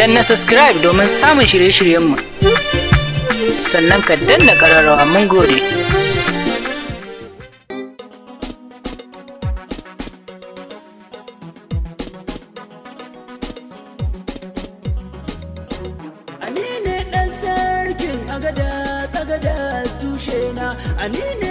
dan na subscribe domin samun shirye-shiryenmu sannan ka danna ƙararrawa mun gode Ani ne ɗan sarkin agada agadas tushe na anine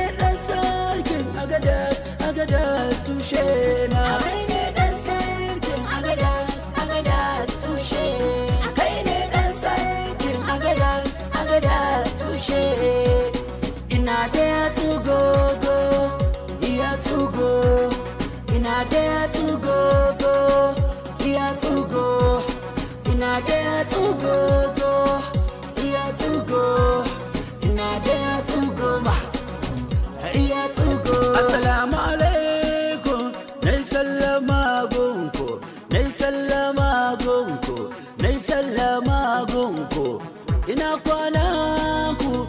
Assalamu alaikum, nai sallama gunko, nai sallama gunko, nai sallama gunko. Ina kwana ku,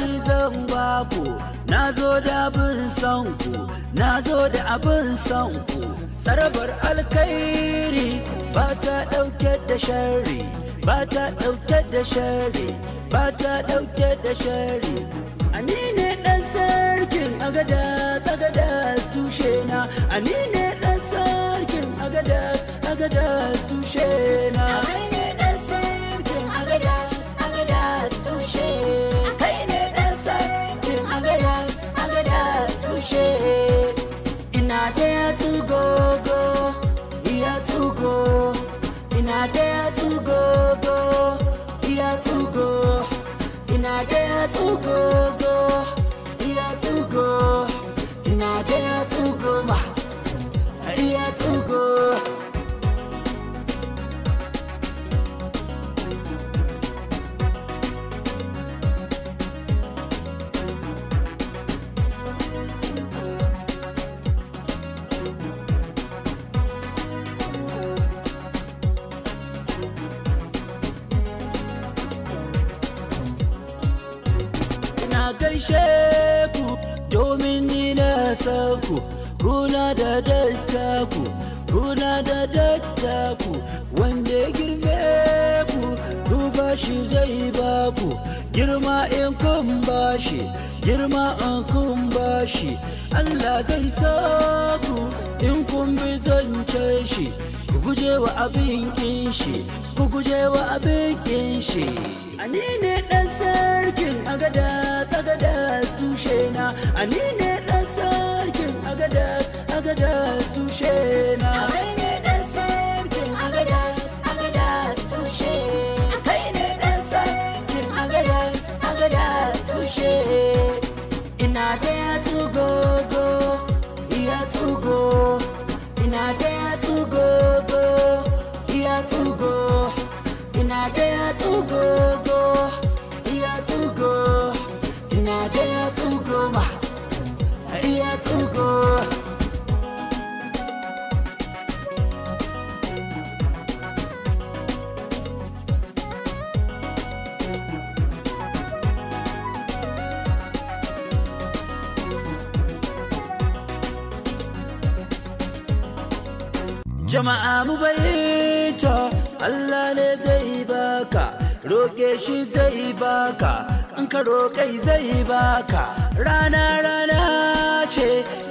ni zan ku, na zo da bin son ku. na zo da abin son ku tsarabar alkairi ba ta ɗauke da shari ba ta ɗauke da shari ba ta ɗauke da shari ne ɗan sarkin agada tsagada tushe na ne ɗan sarkin Oh, na gaishe ku domin ni na san ku kuna da ku? kuna da ku? wanda ya girme ku bashi zai baku girma in kun bashi girma in kun bashi Allah zai saku in kun bi zance shi ku guje wa abin kin shi ku guje wa abin kin shi ani ne dan sarkin agada agadas tushe na ani ne dan sarkin agada agada tushe na jama'a mu bayyanta Allah ne zai baka roƙe shi zai baka an ka roƙe zai baka rana rana ce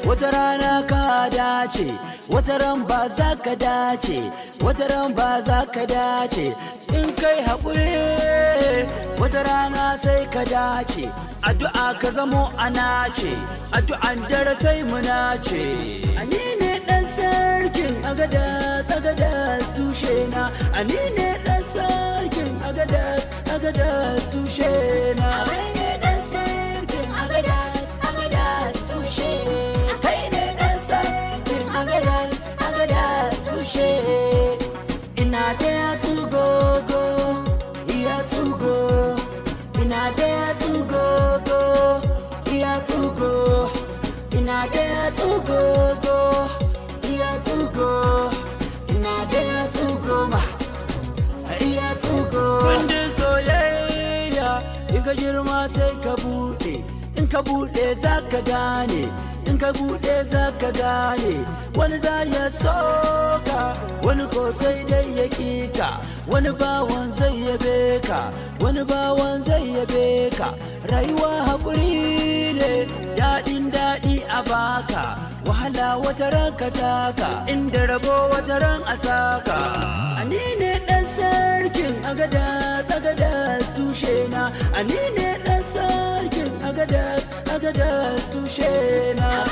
wata rana ka dace wata ran ba za ka dace wata ran ba za ka dace in kai haƙuri wata rana sai ka dace addu'a ka zamo a nace, addu'an dare sai mu nace sarkin agadas agadas tushe na ani ne dan sarkin agadas agadas tushe na ka girma sai ka bude in ka bude za ka gane in ka bude za ka gane wani za ya soka wani ko sai dai ya ka wani bawan zai yabe ka wani bawan zai yabe ka rayuwa hakuri ne daɗin daɗi a baka wahala wata ran ka taka inda rabo wata ran a saka dan ne ɗan sarkin agada tsagada ni ne ɗan sarkin agadas agadas tushe na